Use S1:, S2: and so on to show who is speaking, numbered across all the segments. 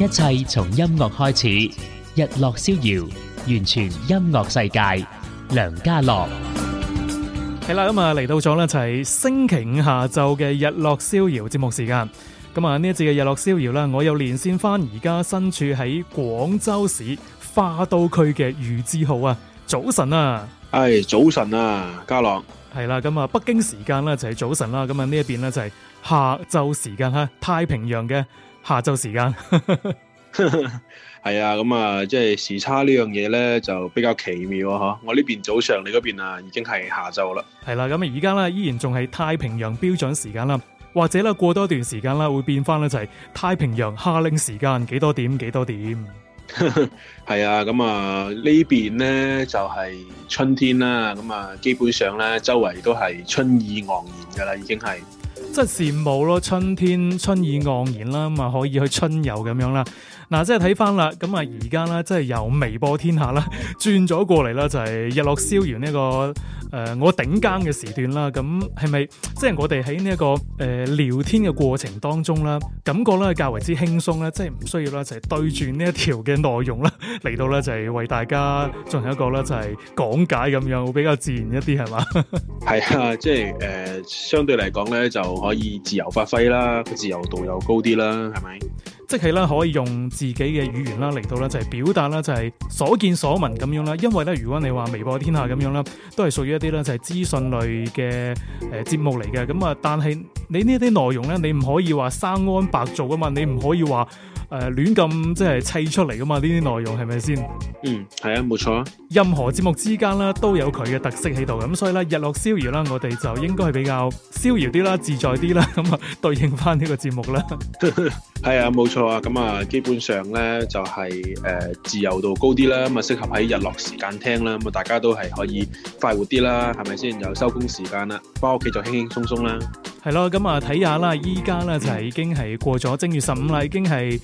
S1: 一切從音樂開始，日落
S2: 逍遙，完全音樂世界。梁家樂，係啦咁啊，嚟到咗呢，就係星期五下晝嘅日落逍遙節目時間。咁啊呢一次嘅日落逍遙啦，我又連線翻而家身處喺廣州市花都區嘅余志浩啊。早晨啊，誒、
S3: 哎、早晨啊，家樂，
S2: 係啦咁啊，北京時間咧就係早晨啦。咁啊呢一邊呢，就係下晝時間吓，太平洋嘅。下晝時間，
S3: 係啊，咁、嗯、啊，即係時差呢樣嘢呢就比較奇妙啊！吓，我呢邊早上，你嗰邊啊，已經係下晝啦。
S2: 係啦、啊，咁而家呢，依然仲係太平洋標準時間啦，或者呢過多段時間啦，會變翻、 啊嗯、呢，就係太平洋夏令時間幾多點幾多點。
S3: 係啊，咁啊呢邊呢就係春天啦，咁、嗯、啊基本上呢，周圍都係春意盎然噶啦，已經係。
S2: 真係羨慕咯，春天春意盎然啦，咁啊可以去春遊咁樣啦。嗱、啊，即係睇翻啦，咁啊，而家咧，即係由微博天下啦，轉咗過嚟啦，就係、是、日落逍遙呢、這個誒、呃，我頂更嘅時段啦，咁係咪即係我哋喺呢一個誒、呃、聊天嘅過程當中啦，感覺咧較為之輕鬆咧，即係唔需要咧就係、是、對住呢一條嘅內容啦，嚟到咧就係、是、為大家進行一個咧就係、是、講解咁樣，會比較自然一啲係嘛？
S3: 係啊，即係誒、呃，相對嚟講咧就可以自由發揮啦，個自由度又高啲啦，係咪？
S2: 即係啦，可以用自己嘅語言啦，嚟到啦，就係表達啦，就係所見所聞咁樣啦。因為咧，如果你話微博天下咁樣啦，都係屬於一啲咧就係資訊類嘅誒節目嚟嘅。咁啊，但係你呢啲內容咧，你唔可以話生安白做噶嘛，你唔可以話。誒，亂咁、呃、即係砌出嚟噶嘛？呢啲內容係咪先？
S3: 是是嗯，係啊，冇錯啊。
S2: 任何節目之間啦，都有佢嘅特色喺度。咁所以咧，日落逍遙啦，我哋就應該係比較逍遙啲啦，自在啲啦。咁、嗯、啊，對應翻呢個節目啦。
S3: 係 啊，冇錯啊。咁、嗯、啊，基本上咧就係、是、誒、嗯、自由度高啲啦。咁啊，適合喺日落時間聽啦。咁、嗯、啊，大家都係可以快活啲啦，係咪先？有收工時間啦，翻屋企就輕輕鬆鬆啦。
S2: 係咯、啊，咁啊睇下啦，依家咧就係已經係過咗正月十五啦，已經係。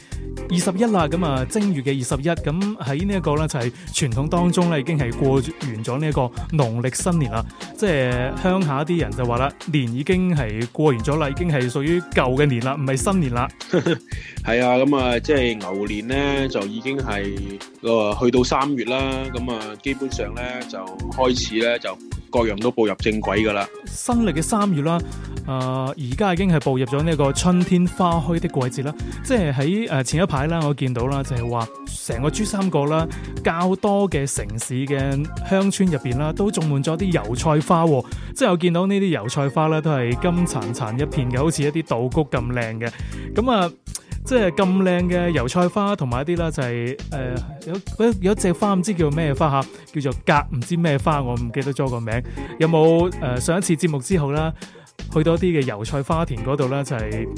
S2: 二十一啦，咁啊正月嘅二十一，咁喺呢一個咧就係傳統當中咧已經係過完咗呢一個農曆新年啦。即係鄉下啲人就話啦，年已經係過完咗啦，已經係屬於舊嘅年啦，唔係新年啦。
S3: 係 啊，咁啊即係牛年咧就已經係個去到三月啦，咁啊基本上咧就開始咧就。各樣都步入正軌噶啦，
S2: 新曆嘅三月啦，誒、呃，而家已經係步入咗呢個春天花開的季節啦。即係喺誒前一排啦，我見到啦，就係話成個珠三角啦，較多嘅城市嘅鄉村入邊啦，都種滿咗啲油菜花。即係我見到呢啲油菜花咧，都係金燦燦一片嘅，好似一啲稻穀咁靚嘅。咁、嗯、啊～、呃即係咁靚嘅油菜花同埋一啲呢，就係誒有有一隻，就是呃，花唔知叫咩花吓，叫做格唔知咩花，我唔記得咗個名。有冇誒，呃，上一次節目之後呢，去多啲嘅油菜花田嗰度咧，就係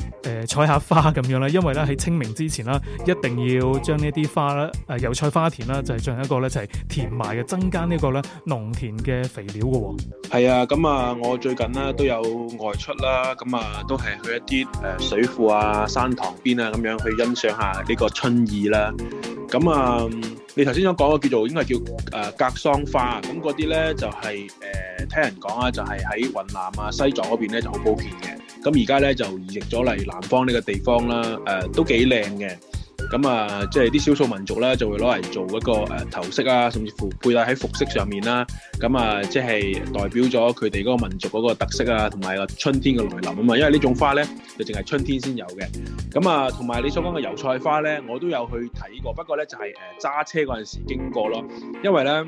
S2: 誒採下花咁樣啦，因為咧喺清明之前啦，一定要將呢啲花啦誒、呃、油菜花田啦，就係、是、進一個咧就係、是、填埋嘅，增加個呢個咧農田嘅肥料嘅、哦。
S3: 係啊，咁啊我最近咧都有外出啦，咁啊都係去一啲誒、呃、水庫啊、山塘邊啊咁樣去欣賞下呢個春意啦。咁啊，你頭先所講嘅叫做應該叫誒、呃、格桑花，咁嗰啲咧就係、是、誒。呃聽人講啊，就係、是、喺雲南啊、西藏嗰邊咧就好普遍嘅。咁而家咧就移植咗嚟南方呢個地方啦。誒、呃，都幾靚嘅。咁、呃、啊，即係啲少數民族咧就會攞嚟做一個誒頭飾啊，甚至乎佩戴喺服飾上面啦。咁、呃、啊，即、就、係、是、代表咗佢哋嗰個民族嗰個特色啊，同埋個春天嘅來臨啊嘛。因為呢種花咧，就淨係春天先有嘅。咁、呃、啊，同埋你所講嘅油菜花咧，我都有去睇過，不過咧就係誒揸車嗰陣時經過咯，因為咧。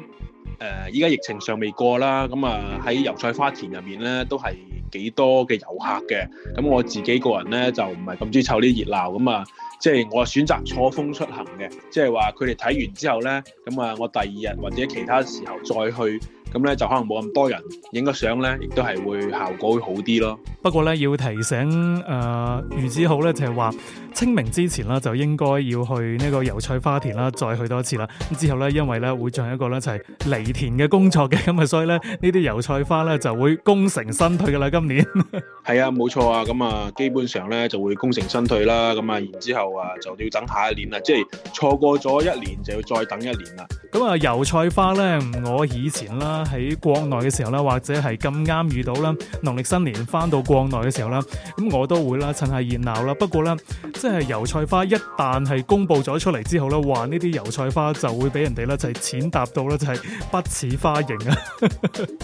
S3: 誒，依家、呃、疫情尚未過啦，咁啊喺油菜花田入面咧，都係幾多嘅遊客嘅。咁、嗯、我自己個人咧，就唔係咁中意湊啲熱鬧咁啊、嗯。即係我選擇錯峰出行嘅，即係話佢哋睇完之後咧，咁、嗯、啊，我第二日或者其他時候再去，咁、嗯、咧就可能冇咁多人影個相咧，亦都係會效果會好啲咯。
S2: 不過咧要提醒誒，如此好咧就係、是、話。清明之前啦，就應該要去呢個油菜花田啦，再去多次啦。咁之後咧，因為咧會進行一個咧就係犁田嘅工作嘅，咁啊，所以咧呢啲油菜花咧就會功成身退嘅啦。今年
S3: 係 啊，冇錯啊，咁啊，基本上咧就會功成身退啦。咁啊，然之後啊，就要等下一年啦，即係錯過咗一年就要再等一年啦。
S2: 咁啊，油菜花咧，我以前啦喺國內嘅時候啦，或者係咁啱遇到啦，農曆新年翻到國內嘅時候啦，咁我都會啦趁下熱鬧啦。不過咧，即即係油菜花，一旦係公布咗出嚟之後咧，話呢啲油菜花就會俾人哋咧就係踐踏到咧就係不似花形 啊。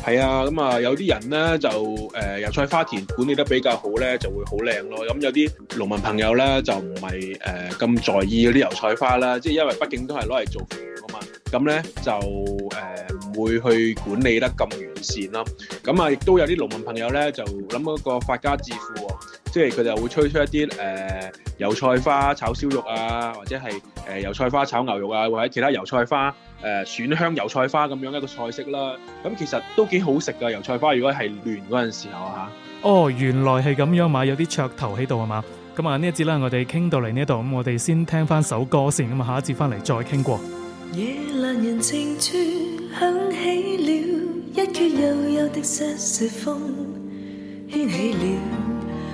S3: 係啊，咁啊有啲人咧就誒、呃、油菜花田管理得比較好咧，就會好靚咯。咁有啲農民朋友咧就唔係誒咁在意嗰啲油菜花啦，即係因為畢竟都係攞嚟做肥料啊嘛。咁咧就誒唔、呃、會去管理得咁完善咯。咁啊亦都有啲農民朋友咧就諗嗰個發家致富。即係佢就會吹出一啲誒、呃、油菜花炒燒肉啊，或者係誒、呃、油菜花炒牛肉啊，或者其他油菜花誒蒜、呃、香油菜花咁樣一個菜式啦。咁、嗯、其實都幾好食噶油菜花，如果係嫩嗰陣時候吓。
S2: 啊、哦，原來係咁樣嘛，啊，有啲噱頭喺度啊嘛。咁、嗯、啊呢一節啦，我哋傾到嚟呢度，咁、嗯、我哋先聽翻首歌先，咁、嗯、啊下一節翻嚟再傾過。
S3: 夜
S4: 闌人情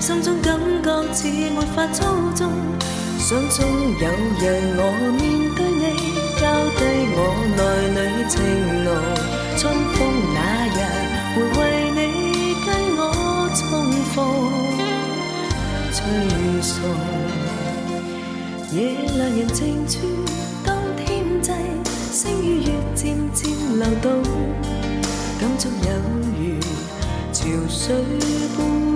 S4: 心中感覺似沒法操縱，想終有日我面對你，交低我內裏情濃。春風那日會為你跟我重逢，吹送。夜闌人靜處，當天際星與月漸漸流動，感觸有如潮水般。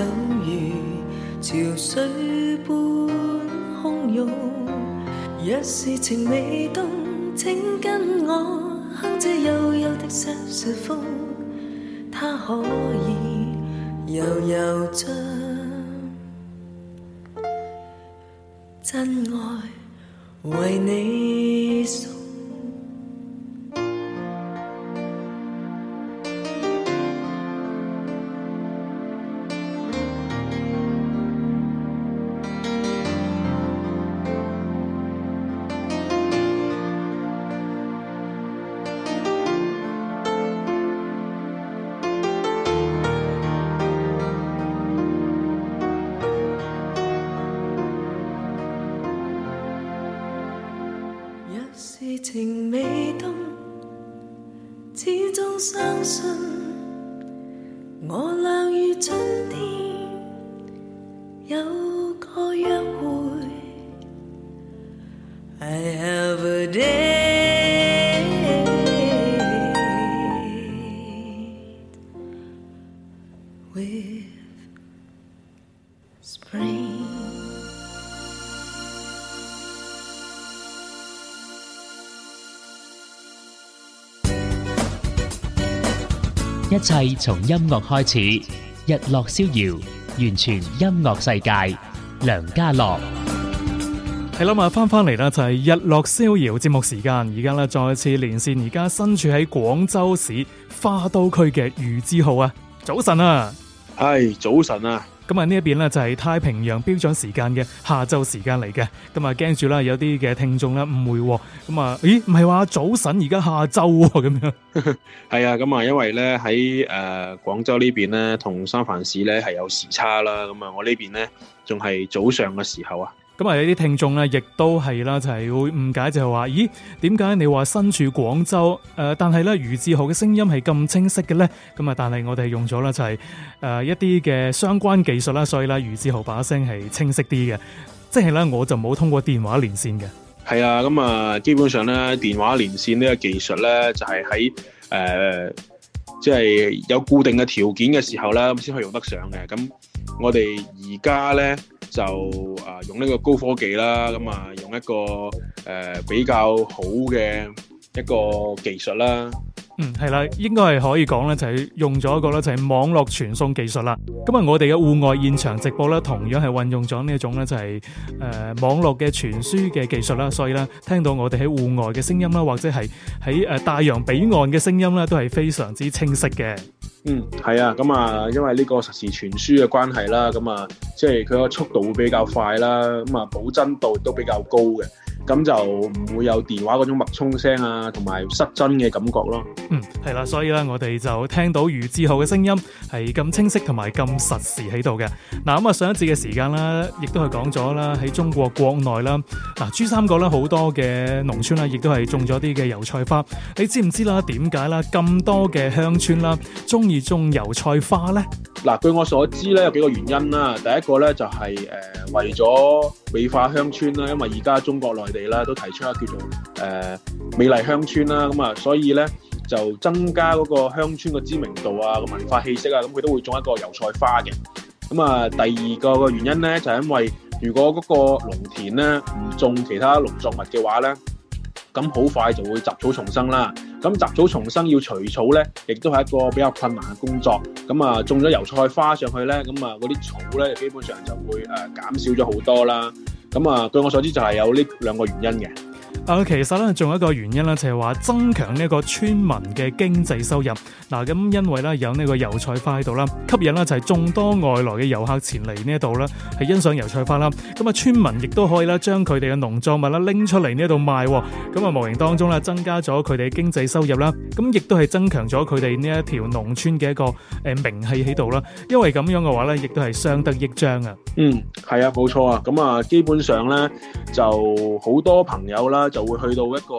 S4: 有如潮水般洶湧，若是情未凍，請跟我哼這幽幽的 Saxophone，它可以柔柔將真愛為你送。一切
S2: 從音樂開始，日落逍遙，完全音樂世界。梁家樂，係啦，我翻翻嚟啦，就係、是、日落逍遙節目時間。而家咧再次連線，而家身處喺廣州市花都區嘅余志浩啊，早晨啊，
S3: 係、哎、早晨啊。
S2: 咁啊呢一邊咧就係太平洋標準時間嘅下晝時間嚟嘅，咁啊驚住啦有啲嘅聽眾啦誤會，咁啊，咦唔係話早晨而家下晝喎，咁樣
S3: 係啊，咁啊因為咧喺誒廣州呢邊咧同三藩市咧係有時差啦，咁啊我呢邊咧仲係早上嘅時候啊。
S2: 咁啊！有啲聽眾咧，亦都係啦，就係會誤解，就係話：咦，點解你話身處廣州，誒、呃，但係咧余志豪嘅聲音係咁清晰嘅咧？咁啊，但係我哋用咗咧、就是，就係誒一啲嘅相關技術啦，所以咧余志豪把聲係清晰啲嘅。即係咧，我就冇通過電話連線嘅。
S3: 係啊，咁啊，基本上咧電話連線呢個技術咧，就係喺誒，即、呃、係、就是、有固定嘅條件嘅時候咧，先可以用得上嘅。咁我哋而家咧。就啊，用呢個高科技啦，咁、嗯、啊，用一個誒、呃、比較好嘅一個技術啦。
S2: 嗯，係啦，應該係可以講咧，就係、是、用咗一個咧，就係網絡傳送技術啦。咁啊，我哋嘅戶外現場直播咧，同樣係運用咗呢一種咧、就是，就係誒網絡嘅傳輸嘅技術啦。所以咧，聽到我哋喺戶外嘅聲音啦，或者係喺誒大洋彼岸嘅聲音咧，都係非常之清晰嘅。
S3: 嗯。嗯，係啊，咁啊，因為呢個實時傳輸嘅關係啦，咁、嗯、啊，即係佢個速度會比較快啦，咁啊，保真度都比較高嘅。咁就唔會有電話嗰種脈衝聲啊，同埋失真嘅感覺咯。嗯，
S2: 係啦，所以咧，我哋就聽到余志浩嘅聲音係咁清晰，同埋咁實時喺度嘅。嗱，咁啊，上一節嘅時間啦，亦都係講咗啦，喺中國國內啦，嗱、啊，珠三角啦，好多嘅農村啦，亦都係種咗啲嘅油菜花。你知唔知啦？點解啦？咁多嘅鄉村啦，中意種油菜花呢？
S3: 嗱、啊，據我所知咧，有幾個原因啦。第一個咧就係、是、誒、呃，為咗。美化鄉村啦，因為而家中國內地啦都提出一個叫做誒、呃、美麗鄉村啦，咁啊，所以咧就增加嗰個鄉村嘅知名度啊、個文化氣息啊，咁佢都會種一個油菜花嘅。咁啊，第二個嘅原因咧就係、是、因為如果嗰個農田咧唔種其他農作物嘅話咧。咁好快就會雜草叢生啦。咁雜草叢生要除草呢，亦都係一個比較困難嘅工作。咁啊，種咗油菜花上去呢，咁啊嗰啲草呢，基本上就會誒減少咗好多啦。咁啊，據我所知就係有呢兩個原因嘅。
S2: 啊，其實咧仲有一個原因咧，就係話增強呢一個村民嘅經濟收入。嗱，咁因為咧有呢個油菜花喺度啦，吸引咧就係眾多外來嘅遊客前嚟呢一度啦，係欣賞油菜花啦。咁啊，村民亦都可以啦，將佢哋嘅農作物啦拎出嚟呢度賣。咁啊，無形當中啦，增加咗佢哋經濟收入啦。咁亦都係增強咗佢哋呢一條農村嘅一個誒名氣喺度啦。因為咁樣嘅話咧，亦都係相得益彰、嗯、啊。嗯，
S3: 係啊，冇錯啊。咁啊，基本上咧就好多朋友啦。就會去到一個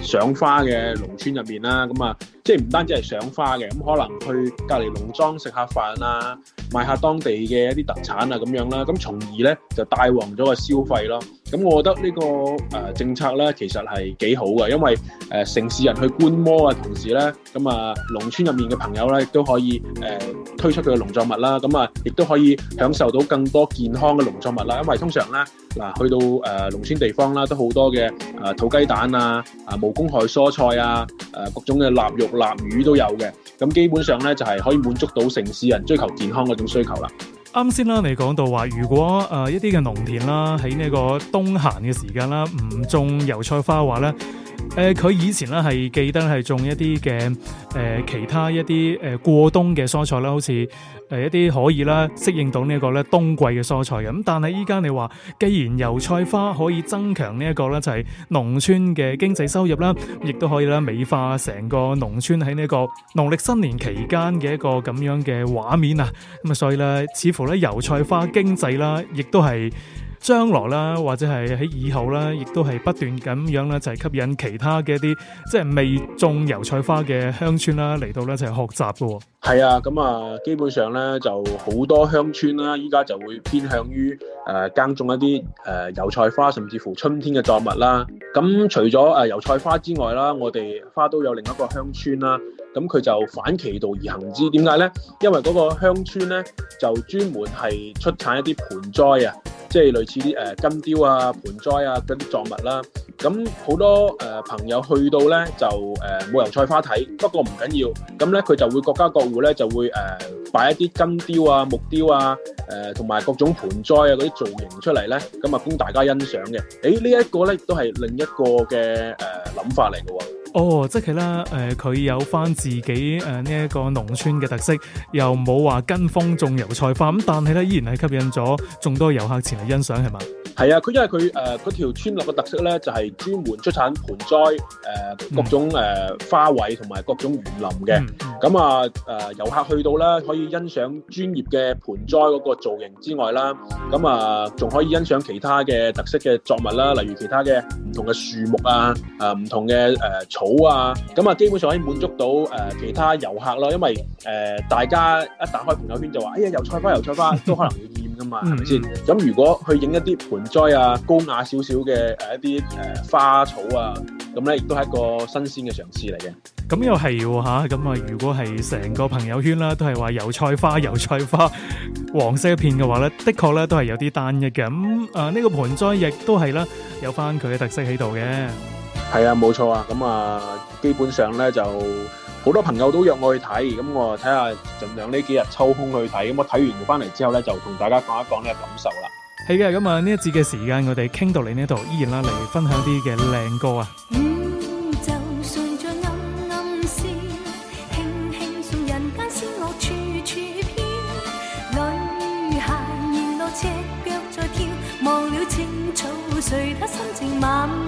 S3: 誒賞花嘅農村入面啦，咁啊，即係唔單止係賞花嘅，咁可能去隔離農莊食下飯啊，買下當地嘅一啲特產啊，咁樣啦，咁從而咧就帶旺咗個消費咯。咁我覺得呢、這個誒、呃、政策咧，其實係幾好嘅，因為誒、呃、城市人去觀摩啊，同時咧，咁啊農村入面嘅朋友咧，亦都可以誒、呃、推出佢嘅農作物啦，咁啊亦都可以享受到更多健康嘅農作物啦。因為通常咧，嗱、呃、去到誒農、呃、村地方啦，都好多嘅誒、呃、土雞蛋啊、啊無公害蔬菜啊、誒、呃、各種嘅臘肉臘魚都有嘅。咁、嗯、基本上咧，就係、是、可以滿足到城市人追求健康嗰種需求啦。
S2: 啱先啦，你講到話，如果誒一啲嘅農田啦，喺呢個冬閒嘅時間啦，唔種油菜花嘅話咧，誒、呃、佢以前咧係記得係種一啲嘅誒其他一啲誒過冬嘅蔬菜啦，好似。係一啲可以啦，適應到呢一個咧冬季嘅蔬菜嘅。咁，但係依家你話，既然油菜花可以增強呢一個咧，就係農村嘅經濟收入啦，亦都可以咧美化成個農村喺呢個農曆新年期間嘅一個咁樣嘅畫面啊，咁啊所以咧，似乎咧油菜花經濟啦，亦都係。將來啦，或者係喺以後啦，亦都係不斷咁樣咧，就係吸引其他嘅一啲即係未種油菜花嘅鄉村啦，嚟到咧就係學習嘅喎。係
S3: 啊，咁啊，基本上咧就好多鄉村啦，依家就會偏向於誒耕種一啲誒油菜花，甚至乎春天嘅作物啦。咁除咗誒油菜花之外啦，我哋花都有另一個鄉村啦。咁佢就反其道而行之，點解咧？因為嗰個鄉村咧就專門係出產一啲盆栽啊，即係類似啲誒、呃、金雕啊、盆栽啊嗰啲作物啦、啊。咁好多誒、呃、朋友去到咧就誒冇油菜花睇，不過唔緊要。咁咧佢就會各家各戶咧就會誒擺、呃、一啲金雕啊、木雕啊誒同埋各種盆栽啊嗰啲造型出嚟咧，咁啊供大家欣賞嘅。誒、這個、呢一個咧亦都係另一個嘅誒諗法嚟嘅喎。
S2: 哦，即係咧，誒，佢有翻自己誒呢一個農村嘅特色，又冇話跟風種油菜花，咁但係咧依然係吸引咗眾多遊客前嚟欣賞，係嘛？
S3: 係啊，佢因為佢誒嗰條村落嘅特色咧，就係專門出產盆栽誒各種誒花卉同埋各種園林嘅。咁啊誒遊客去到啦，可以欣賞專業嘅盆栽嗰個造型之外啦，咁啊仲可以欣賞其他嘅特色嘅作物啦，例如其他嘅唔同嘅樹木啊，誒唔同嘅誒草。好啊，咁啊，基本上可以滿足到誒其他遊客啦，因為誒大家一打開朋友圈就話，哎呀油菜花、油菜花，都可能會厭噶嘛，係咪先？咁 如果去影一啲盆栽啊，高雅少少嘅誒一啲誒花草啊，咁咧亦都係一個新鮮嘅嘗試嚟
S2: 嘅。咁又係喎吓，咁、喔、啊如果係成個朋友圈啦，都係話油菜花、油菜花黃色一片嘅話咧，的確咧都係有啲單一嘅。咁、嗯、啊呢、呢個盆栽亦都係啦，有翻佢嘅特色喺度嘅。
S3: 係啊，冇錯啊，咁、嗯、啊，基本上咧就好多朋友都約我去睇，咁、嗯、我睇下盡量呢幾日抽空去睇，咁、嗯、我睇完翻嚟之後咧就同大家講一講呢個感受啦。
S2: 係嘅，咁啊呢一節嘅時間我哋傾到你呢度，依然啦嚟分享啲嘅靚歌啊、嗯。
S4: 就算再暗暗笑，輕輕送，人間仙樂處處飄，女孩落腳再跳，忘了草誰他心情心晚。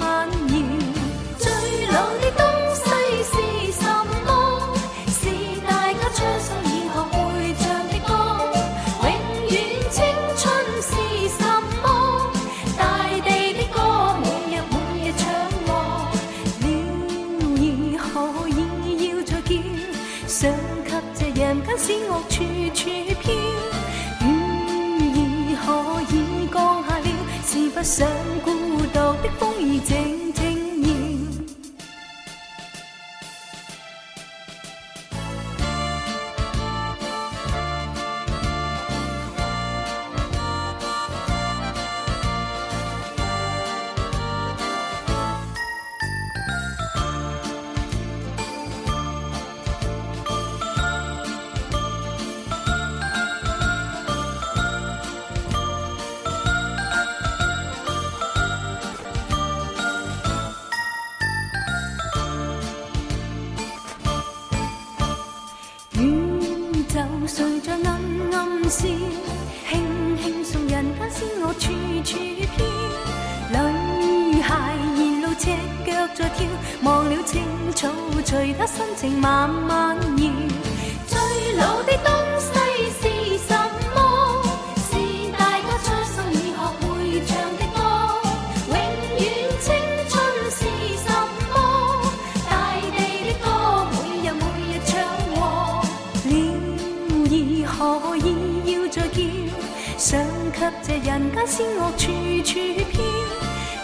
S4: 仙樂處處飄，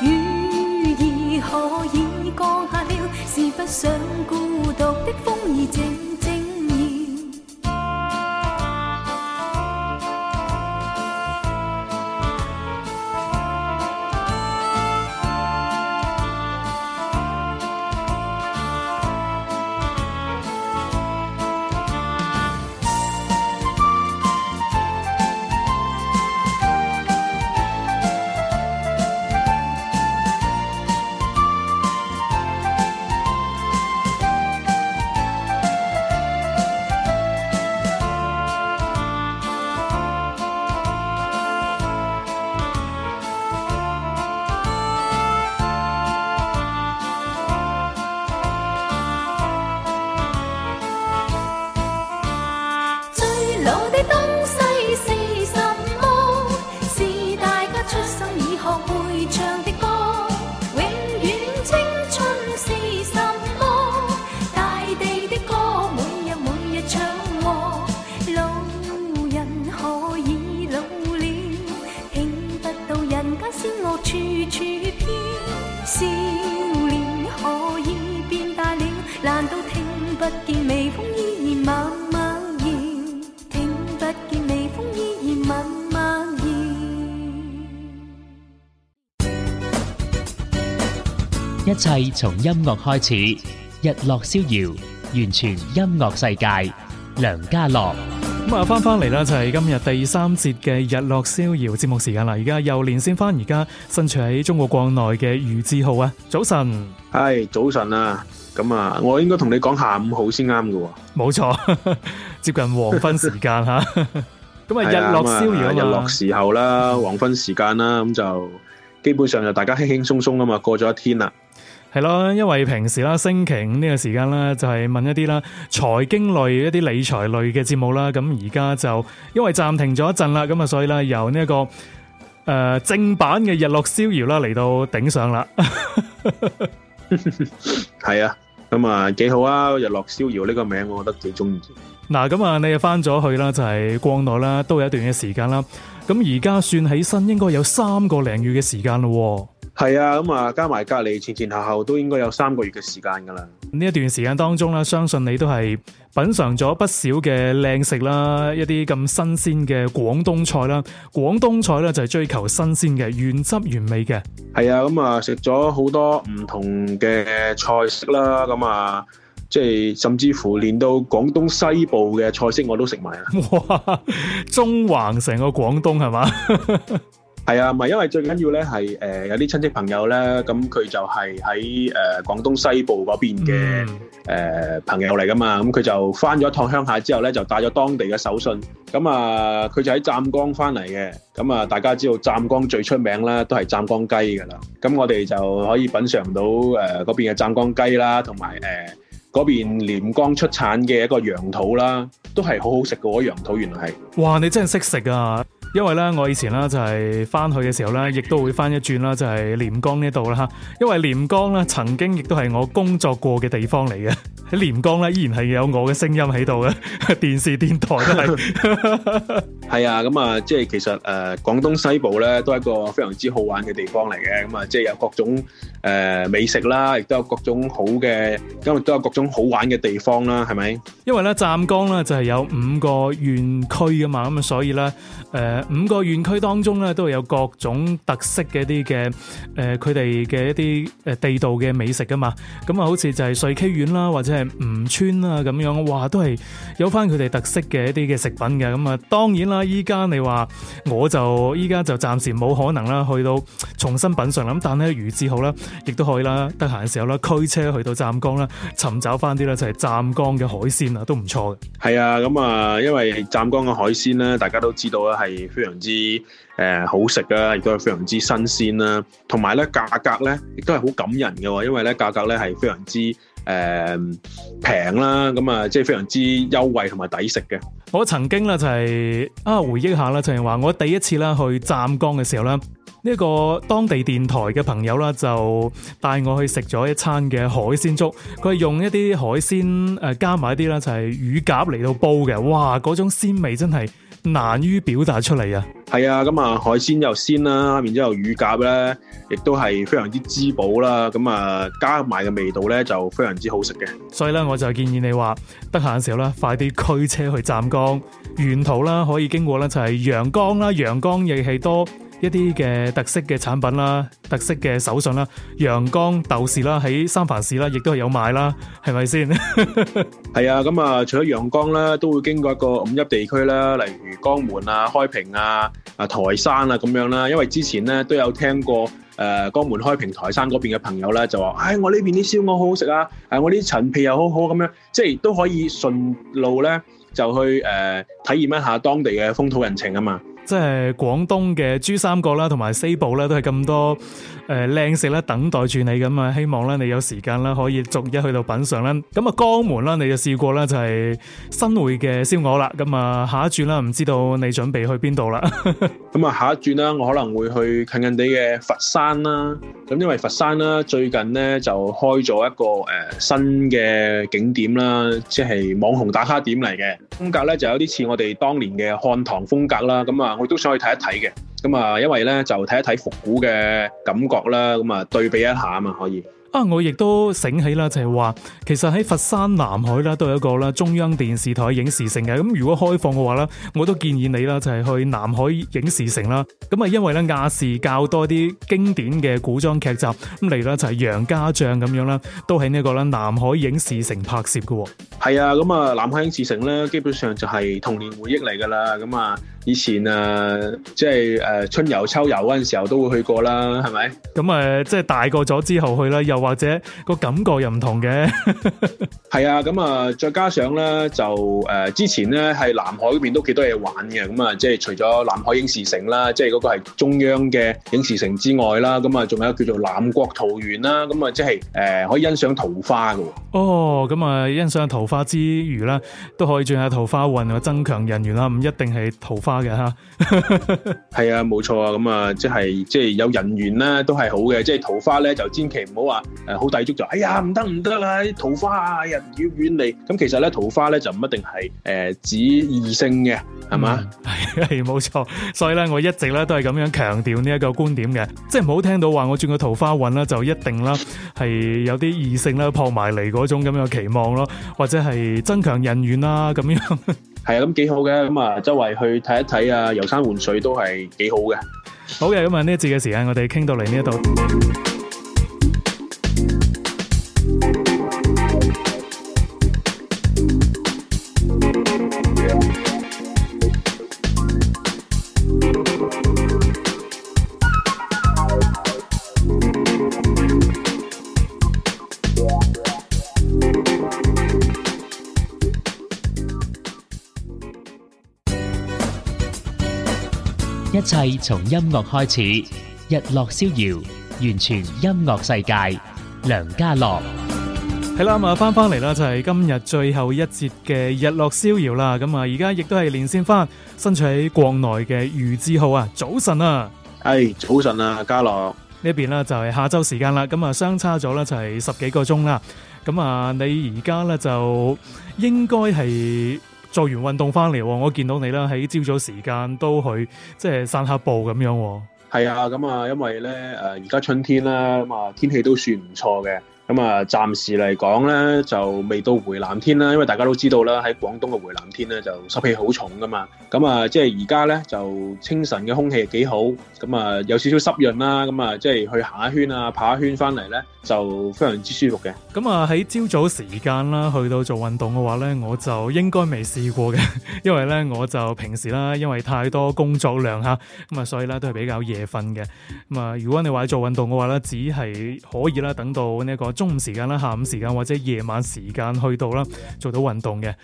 S4: 雨兒可以降下了？是不想。
S1: 係從音樂開
S2: 始，日落逍遙，完全音樂世界。梁家樂咁啊，翻翻嚟啦，就係今日第三節嘅日落逍遙節目時間啦。而家又連線翻而家身處喺中國國內嘅余志浩啊，早晨，
S3: 係早晨啊。咁啊，我應該同你講下午好先啱㗎，冇錯，接近黃
S2: 昏時間吓。咁啊，日落逍遙啊，日落
S3: 時候啦，黃昏時間啦，咁就基本上就大家輕輕鬆鬆啊嘛，過咗一天啦。
S2: 係咯， 因為平時啦，星期五呢個時間啦，就係問一啲啦財經類一啲理財類嘅節目啦。咁而家就因為暫停咗一陣啦，咁啊所以啦由呢、這、一個誒、呃、正版嘅日落逍遙啦嚟到頂上啦
S3: 係 啊，咁啊幾好啊！日落逍遙呢個名，我覺得幾中意。
S2: 嗱，咁 啊你又翻咗去啦，就係國內啦，都有一段嘅時間啦。咁而家算起身，應該有三個零月嘅時間咯。
S3: 係啊，咁啊加埋隔離前前後後都應該有三個月嘅時間噶啦。
S2: 呢一段時間當中咧，相信你都係品嘗咗不少嘅靚食啦，一啲咁新鮮嘅廣東菜啦，廣東菜咧就係追求新鮮嘅原汁原味嘅。
S3: 係啊，咁啊食咗好多唔同嘅菜式啦，咁、嗯、啊即係甚至乎連到廣東西部嘅菜式我都食埋
S2: 啦。哇！中橫成個廣東係嘛？
S3: 係啊，咪因為最緊要咧，係誒有啲親戚朋友咧，咁佢就係喺誒廣東西部嗰邊嘅誒朋友嚟噶嘛，咁佢就翻咗一趟鄉下之後咧，就帶咗當地嘅手信，咁啊佢就喺湛江翻嚟嘅，咁啊大家知道湛江最出名啦都係湛江雞噶啦，咁我哋就可以品嘗到誒嗰邊嘅湛江雞啦，同埋誒嗰邊廉江出產嘅一個羊肚啦，都係好好食噶，嗰羊肚原來係，
S2: 哇你真係識食啊！因為咧，我以前咧就係翻去嘅時候咧，亦都會翻一轉啦，就係廉江呢度啦吓。因為廉江咧，曾經亦都係我工作過嘅地方嚟嘅。喺廉江咧，依然係有我嘅聲音喺度嘅，電視電台都係。
S3: 係啊， 咁啊，即係其實誒，廣東西部咧都係一個非常之好玩嘅地方嚟嘅。咁啊，即係有各種誒美食啦，亦都有各種好嘅，咁亦都有各種好玩嘅地方啦，係咪？
S2: 因為咧，湛江咧就係有五個縣區噶嘛，咁啊，所以咧，誒、呃。五個園區當中咧，都有各種特色嘅一啲嘅，誒、呃，佢哋嘅一啲誒地道嘅美食噶嘛，咁、嗯、啊，好似就係瑞溪苑啦，或者係吳村啦咁樣，哇，都係有翻佢哋特色嘅一啲嘅食品嘅，咁、嗯、啊，當然啦，依家你話，我就依家就暫時冇可能啦，去到重新品嘗啦，但咧余志豪啦，亦都可以啦，得閒嘅時候啦，驅車去到湛江啦，尋找翻啲咧就係湛江嘅海鮮啊，都唔錯嘅。
S3: 係啊，咁啊，因為係湛江嘅海鮮咧，大家都知道咧係。非常之誒、呃、好食啊！亦都係非常之新鮮啦、啊，同埋咧價格咧亦都係好感人嘅、啊，因為咧價格咧係非常之誒平啦，咁、呃、啊即係非常之優惠同埋抵食嘅。
S2: 我曾經咧就係、是、啊回憶下啦，就係話我第一次啦去湛江嘅時候啦，呢、呢個當地電台嘅朋友啦就帶我去食咗一餐嘅海鮮粥，佢係用一啲海鮮誒、呃、加埋一啲啦就係乳鴿嚟到煲嘅，哇！嗰種鮮味真係～難於表達出嚟啊！
S3: 係啊，咁、嗯、啊，海鮮又鮮啦，然之後乳鴿咧，亦都係非常之滋補啦。咁、嗯、啊，加埋嘅味道咧，就非常之好食嘅。
S2: 所以咧，我就建議你話，得閒嘅時候咧，快啲驅車去湛江，沿途啦可以經過咧就係陽江啦，陽江亦係多。一啲嘅特色嘅產品啦，特色嘅手信啦，陽江豆豉啦，喺三藩市啦，亦都係有賣啦，係咪先？
S3: 係啊，咁啊，除咗陽江啦，都會經過一個五邑地區啦，例如江門啊、開平啊、啊台山啊咁樣啦。因為之前咧都有聽過誒江門、開平、台山嗰邊嘅朋友咧就話：唉，我呢邊啲燒鵝好好食啊，誒，我啲陳皮又好好咁樣，即係都可以順路咧就去誒體驗一下當地嘅風土人情啊嘛。
S2: 即係廣東嘅珠三角啦，同埋西部咧，都係咁多誒靚食咧，等待住你咁啊！希望咧你有時間啦，可以逐一去到品嘗啦。咁啊，江門啦，你就試過啦，就係新會嘅燒鵝啦。咁啊，下一轉啦，唔知道你準備去邊度啦？
S3: 咁啊，下一轉啦，我可能會去近近哋嘅佛山啦。咁因為佛山啦，最近咧就開咗一個誒新嘅景點啦，即係網紅打卡點嚟嘅，風格咧就有啲似我哋當年嘅漢唐風格啦。咁啊～我都想去睇一睇嘅，咁啊，因為咧就睇一睇復古嘅感覺啦，咁啊對比一下啊嘛，可以。
S2: 啊，我亦都醒起啦，就係話，其實喺佛山南海咧，都有一個啦中央電視台影視城嘅。咁如果開放嘅話咧，我都建議你啦，就係去南海影視城啦。咁啊，因為咧亞視較多啲經典嘅古裝劇集，咁嚟啦就係《楊家將》咁樣啦，都喺呢個啦南海影視城拍攝噶。
S3: 係啊，咁啊南海影視城咧，基本上就係童年回憶嚟噶啦，咁啊。以前啊，即係誒、啊、春遊秋遊陣時候都會去過啦，
S2: 係咪？咁誒，即係大個咗之後去啦，又或者個感覺又唔同嘅。
S3: 係 啊，咁啊，再加上咧就誒、呃、之前咧係南海邊都幾多嘢玩嘅，咁、嗯、啊，即係除咗南海影視城啦，即係個係中央嘅影視城之外啦，咁、嗯、啊，仲有一個叫做南國桃園啦，咁、嗯、啊，即係誒、呃、可以欣賞桃花
S2: 嘅。哦，咁啊欣賞桃花之餘咧，都可以轉下桃花運啊，增強人緣啦，唔一定係桃花。花嘅
S3: 吓，係 啊，冇錯啊，咁啊，即係即係有人緣啦，都係好嘅，即係桃花咧就千祈唔好話誒好抵觸，就，哎呀唔得唔得啦，桃花啊人要遠離。咁、哎、其實咧桃花咧就唔一定係誒指異性嘅，係嘛？
S2: 係，冇錯。所以咧我一直咧都係咁樣強調呢一個觀點嘅，即係唔好聽到話我轉個桃花運啦，就一定啦係有啲異性啦，撲埋嚟嗰種咁嘅期望咯，或者係增強人緣啦，咁樣。 係啊，咁幾
S3: 好嘅，咁啊周圍去睇一睇啊，遊山玩水都係幾好嘅。
S2: 好嘅，咁啊呢一次嘅時間，我哋傾到嚟呢度。
S1: 一切從音樂開始，
S2: 日落逍遙，完全音樂世界。梁家樂，係啦，咁啊，翻翻嚟啦，就係今日最後一節嘅日落逍遙啦。咁啊，而家亦都係連線翻身處喺國內嘅余志浩啊，早晨啊。
S3: 哎，早晨啊，家樂
S2: 呢邊呢就係下晝時間啦。咁啊，相差咗咧就係十幾個鐘啦。咁啊，你而家咧就應該係。做完運動返嚟，我見到你啦，喺朝早時間都去即係散下步咁樣。
S3: 係啊，咁啊，因為呢誒，而家春天啦，天氣都算唔錯嘅。咁啊，暫時嚟講咧，就未到回南天啦，因為大家都知道啦，喺廣東嘅回南天咧就濕氣好重噶嘛。咁啊，即係而家咧就清晨嘅空氣幾好，咁啊有少少濕潤啦，咁啊即係去行一圈啊，跑一圈翻嚟咧就非常之舒服嘅。
S2: 咁啊喺朝早時間啦，去到做運動嘅話咧，我就應該未試過嘅，因為咧我就平時啦，因為太多工作量吓，咁啊所以咧都係比較夜瞓嘅。咁啊如果你，你做話做運動嘅話咧，只係可以啦，等到呢、這、一個。中午時間啦、下午時間或者夜晚時間去到啦，做到運動嘅。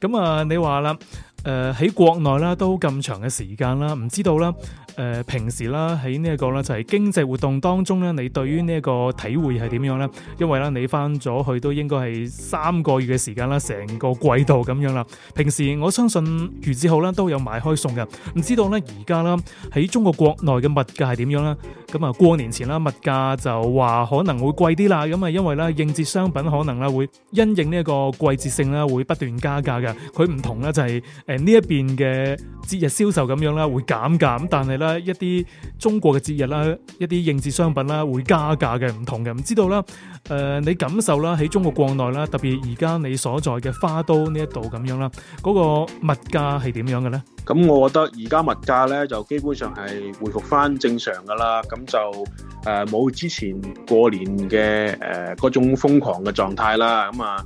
S2: 咁啊，你話啦，誒、呃、喺國內啦都咁長嘅時間啦，唔知道啦。誒、呃、平時啦，喺呢一個啦，就係、是、經濟活動當中咧，你對於呢一個體會係點樣咧？因為咧，你返咗去都應該係三個月嘅時間啦，成個季度咁樣啦。平時我相信月之浩咧都有買開送嘅，唔知道咧而家啦喺中國國內嘅物價係點樣啦？咁啊過年前啦，物價就話可能會貴啲啦。咁啊，因為咧應節商品可能咧會因應呢一個季節性咧，會不斷加價嘅。佢唔同咧就係誒呢一邊嘅節日銷售咁樣咧，會減價咁，但係咧。一啲中國嘅節日啦，一啲應節商品啦，會加價嘅唔同嘅，唔知道啦。誒、呃，你感受啦喺中國國內啦，特別而家你所在嘅花都呢一度咁樣啦，嗰、嗰個物價係點樣嘅咧？
S3: 咁我覺得而家物價咧就基本上係回復翻正常噶啦，咁就誒冇、呃、之前過年嘅誒嗰種瘋狂嘅狀態啦。咁、嗯、啊，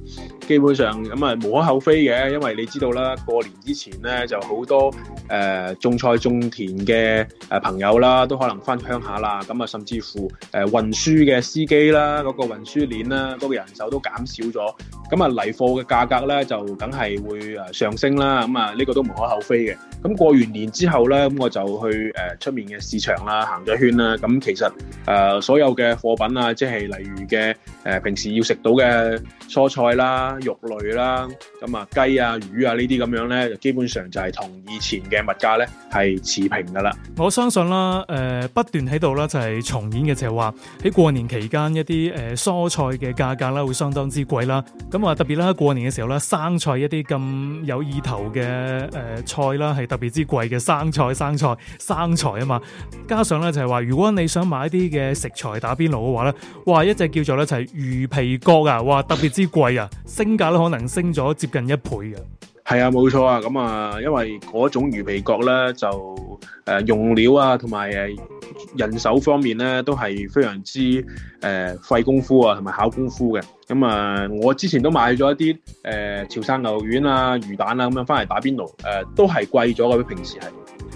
S3: 基本上咁啊、嗯、無可厚非嘅，因為你知道啦，過年之前咧就好多誒種、呃、菜種田嘅誒朋友啦，都可能翻鄉下啦。咁、嗯、啊，甚至乎誒、呃、運輸嘅司機啦，嗰、嗰個運輸鏈啦，嗰、嗰個人手都減少咗。咁、嗯、啊，嚟貨嘅價格咧就梗係會誒上升啦。咁、嗯、啊，呢、呢個都無可厚非嘅。咁過完年之後咧，咁我就去誒出面嘅市場啦，行咗圈啦。咁其實誒、呃、所有嘅貨品啊，即係例如嘅誒、呃、平時要食到嘅，蔬菜啦、肉類啦，咁啊雞啊、魚啊呢啲咁樣咧，就基本上就係同以前嘅物價咧係持平噶啦。
S2: 我相信啦，誒、呃、不斷喺度啦，就係重演嘅就係話喺過年期間一啲誒、呃、蔬菜嘅價格啦，會相當之貴啦。咁啊特別啦，過年嘅時候咧，生菜一啲咁有意頭嘅誒、呃、菜啦，係特別之貴嘅生菜、生菜、生菜啊嘛。加上咧就係話，如果你想買一啲嘅食材打邊爐嘅話咧，哇一隻叫做咧就係魚皮角啊，哇特別啲貴啊，升價都可能升咗接近一倍啊！
S3: 係啊，冇錯啊，咁啊，因為嗰種魚皮角咧就誒、呃、用料啊，同埋誒人手方面咧都係非常之誒費、呃、功夫啊，同埋考功夫嘅。咁、嗯、啊，我之前都買咗一啲誒、呃、潮汕牛肉丸啊、魚蛋啊咁樣翻嚟打邊爐，誒、呃、都係貴咗嘅，比平時係。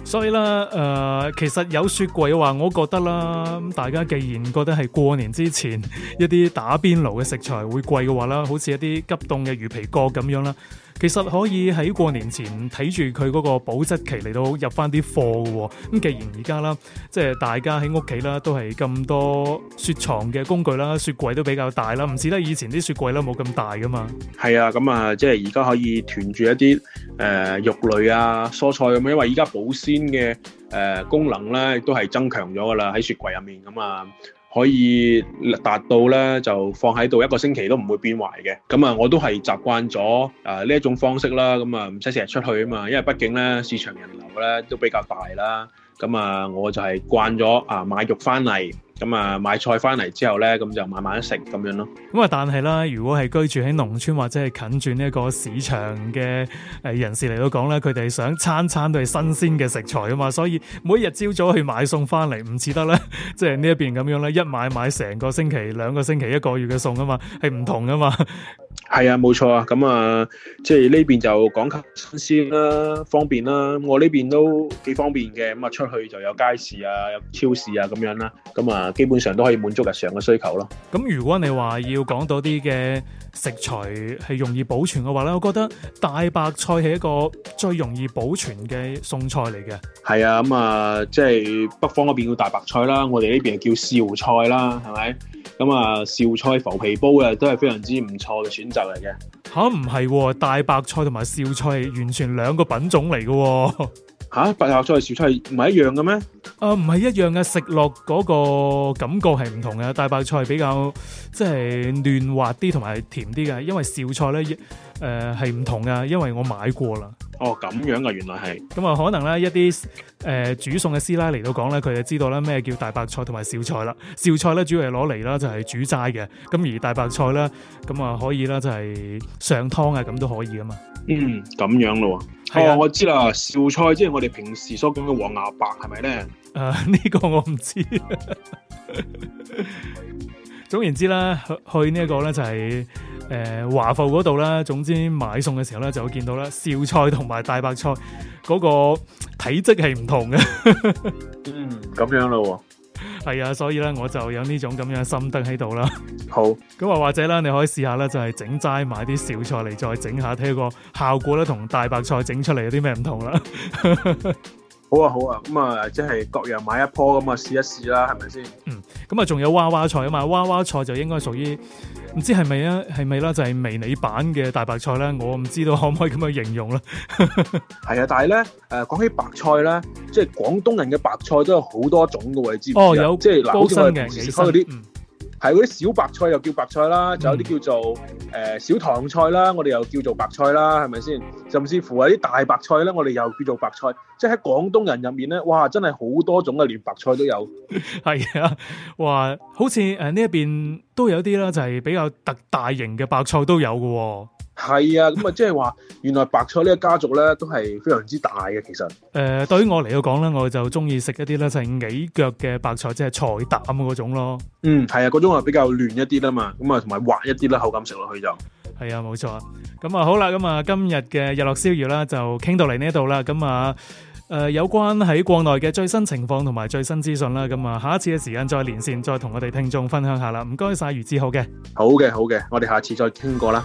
S2: 所以咧，誒、呃，其實有雪櫃嘅話，我覺得啦，大家既然覺得係過年之前 一啲打邊爐嘅食材會貴嘅話啦，好似一啲急凍嘅魚皮角咁樣啦。其實可以喺過年前睇住佢嗰個保質期嚟到入翻啲貨喎，咁、嗯、既然而家啦，即係大家喺屋企啦，都係咁多雪藏嘅工具啦，雪櫃都比較大啦，唔似得以前啲雪櫃啦，冇咁大噶嘛。
S3: 係啊，咁、嗯、啊，即係而家可以囤住一啲誒、呃、肉類啊、蔬菜咁，因為而家保鮮嘅誒功能咧都係增強咗噶啦，喺雪櫃入面咁啊。嗯嗯可以達到咧，就放喺度一個星期都唔會變壞嘅。咁啊，我都係習慣咗啊呢一種方式啦。咁啊，唔使成日出去啊嘛，因為畢竟咧市場人流咧都比較大啦。咁啊，我就係慣咗啊買肉翻嚟。咁啊、嗯，買菜翻嚟之後呢，咁、嗯、就慢慢食咁樣咯。
S2: 咁啊，但係啦，如果係居住喺農村或者係近住呢一個市場嘅誒、呃、人士嚟到講呢，佢哋想餐餐都係新鮮嘅食材啊嘛，所以每日朝早去買餸翻嚟唔似得咧，即係呢一邊咁樣呢，一買買成個星期、兩個星期、一個月嘅餸啊嘛，係唔同噶嘛。
S3: 係啊，冇錯啊，咁、嗯、啊，即係呢邊就講求新鮮啦、方便啦。我呢邊都幾方便嘅，咁、嗯、啊出去就有街市啊、有超市啊咁樣啦、啊，咁、嗯、啊基本上都可以滿足日常嘅需求咯。
S2: 咁如果你話要講到啲嘅。食材係容易保存嘅話咧，我覺得大白菜係一個最容易保存嘅餸菜嚟嘅。
S3: 係啊，咁、嗯、啊，即、就、係、是、北方嗰邊叫大白菜啦，我哋呢邊叫紹菜啦，係咪？咁啊，紹菜浮皮煲啊，都係非常之唔錯嘅選擇嚟嘅。
S2: 吓、啊，唔係、啊、大白菜同埋紹菜係完全兩個品種嚟嘅、啊。 嚇、啊！白
S3: 蘿蔔同少菜唔係一樣嘅咩？
S2: 啊，唔係一樣嘅，食落嗰個感覺係唔同嘅。大白菜比較即係、就是、嫩滑啲，同埋甜啲嘅。因為少菜咧，誒係唔同嘅，因為我買過啦。
S3: 哦，咁樣啊，原
S2: 來係咁啊，可能咧一啲誒煮餸嘅師奶嚟到講咧，佢就知道咧咩叫大白菜同埋紹菜啦。紹菜咧主要係攞嚟啦，就係煮齋嘅。咁而大白菜咧，咁啊可以啦，就係上湯啊，咁都可以噶嘛。嗯，
S3: 咁樣咯喎。啊、哦， 我知啦，紹 菜即係我哋平時所講嘅黃牙白，係咪咧？
S2: 誒、啊、呢、這個我唔知。 總言之啦，去呢一個咧就係、是。誒，華埠嗰度啦，總之買餸嘅時候咧，就會見到啦。紹菜同埋大白菜嗰個體積係唔同嘅。嗯，咁 樣咯，係啊、哎，所以咧我就有呢種咁樣心得喺度啦。好，咁啊或者咧，你可以試下咧，就係整齋買啲紹菜嚟，再整下，睇下個效果咧同大白菜整出嚟有啲咩唔同啦。
S3: 好啊好啊，咁啊，即係各樣買一棵，咁啊，試一試啦，係咪先？
S2: 嗯，咁、嗯、啊，仲、嗯、有娃娃菜啊嘛，娃娃菜就應該屬於唔知係咪啊，係咪啦，就係迷你版嘅大白菜啦，我唔知道可唔可以咁樣形容啦。係 啊，但
S3: 係咧，誒、呃，講起白菜咧，即係廣東人嘅白菜都有好多種嘅位置。哦，有，即係嗱，好似我哋平時開嗰啲。係嗰啲小白菜又叫白菜啦，仲有啲叫做誒、呃、小糖菜啦，我哋又叫做白菜啦，係咪先？甚至乎有啲大白菜咧，我哋又叫做白菜。即係喺廣東人入面咧，哇！真係好多種嘅連白菜都有。
S2: 係 啊，哇！好似誒呢一邊都有啲啦，就係、是、比較特大型嘅白菜都有㗎、哦。
S3: 係啊，咁啊，即係話，原來白菜呢個家族咧，都係非常之大嘅。其實，
S2: 誒、呃，對於我嚟講咧，我就中意食一啲咧，就係矮腳嘅白菜，即係菜膽嗰種咯。
S3: 嗯，係啊，嗰種啊比較嫩一啲啦嘛，咁啊，同埋滑一啲啦，口感食落去
S2: 就係啊，冇錯。咁啊，好啦，咁啊，今日嘅日落逍遙啦，就傾到嚟呢度啦。咁啊，誒，有關喺國內嘅最新情況同埋最新資訊啦。咁啊，下一次嘅時間再連線，再同我哋聽眾分享下啦。唔該晒，余志豪嘅。
S3: 好嘅，好嘅，我哋下次再傾過啦。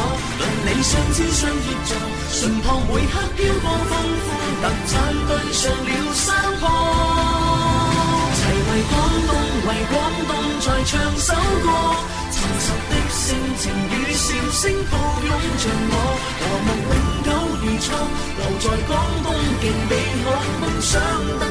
S1: 論你相知相協助，唇旁每刻飄過，豐富特產對上了山坡，齊為廣東，為廣東在唱首歌，沉實的性情與笑聲，抱擁着我，和睦永久如初，留在廣東，極美好夢想。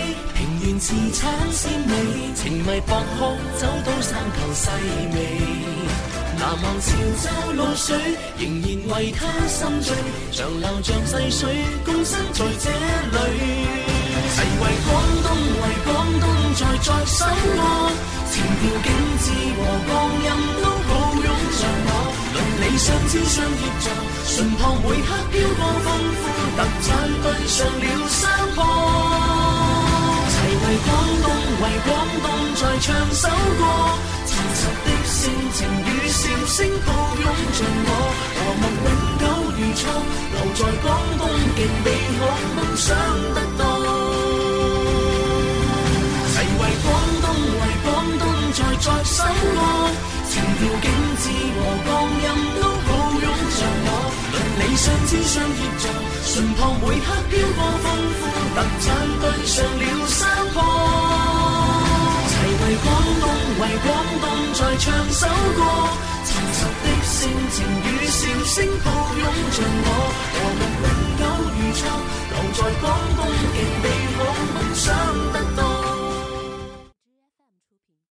S1: 自產鮮美，情迷放空，走到山頭細味。難忘潮州滷水，仍然為他心醉。長流像細水，共生在這裏。齊為廣東，為廣東在作首歌，啊。情調景致和光陰都抱擁着我。鄰里相知相依著，順旁每刻飄過，豐富特產堆上了山坡。為廣東，為廣東，再唱首歌，陳舊的性情與笑聲抱擁着我，何物永久如初？留在廣東，極美好，夢想得到。為廣東，為廣東，再作首歌，情調、景致和光陰都抱擁着我。理想枝上葉上，唇旁每刻飄過豐富，特戰對上了山坡，齊 為廣東為廣東在唱首歌，親切的情聲情與笑聲抱擁着我，何日永久如初，留在
S4: 廣東，嘅美好夢想得到。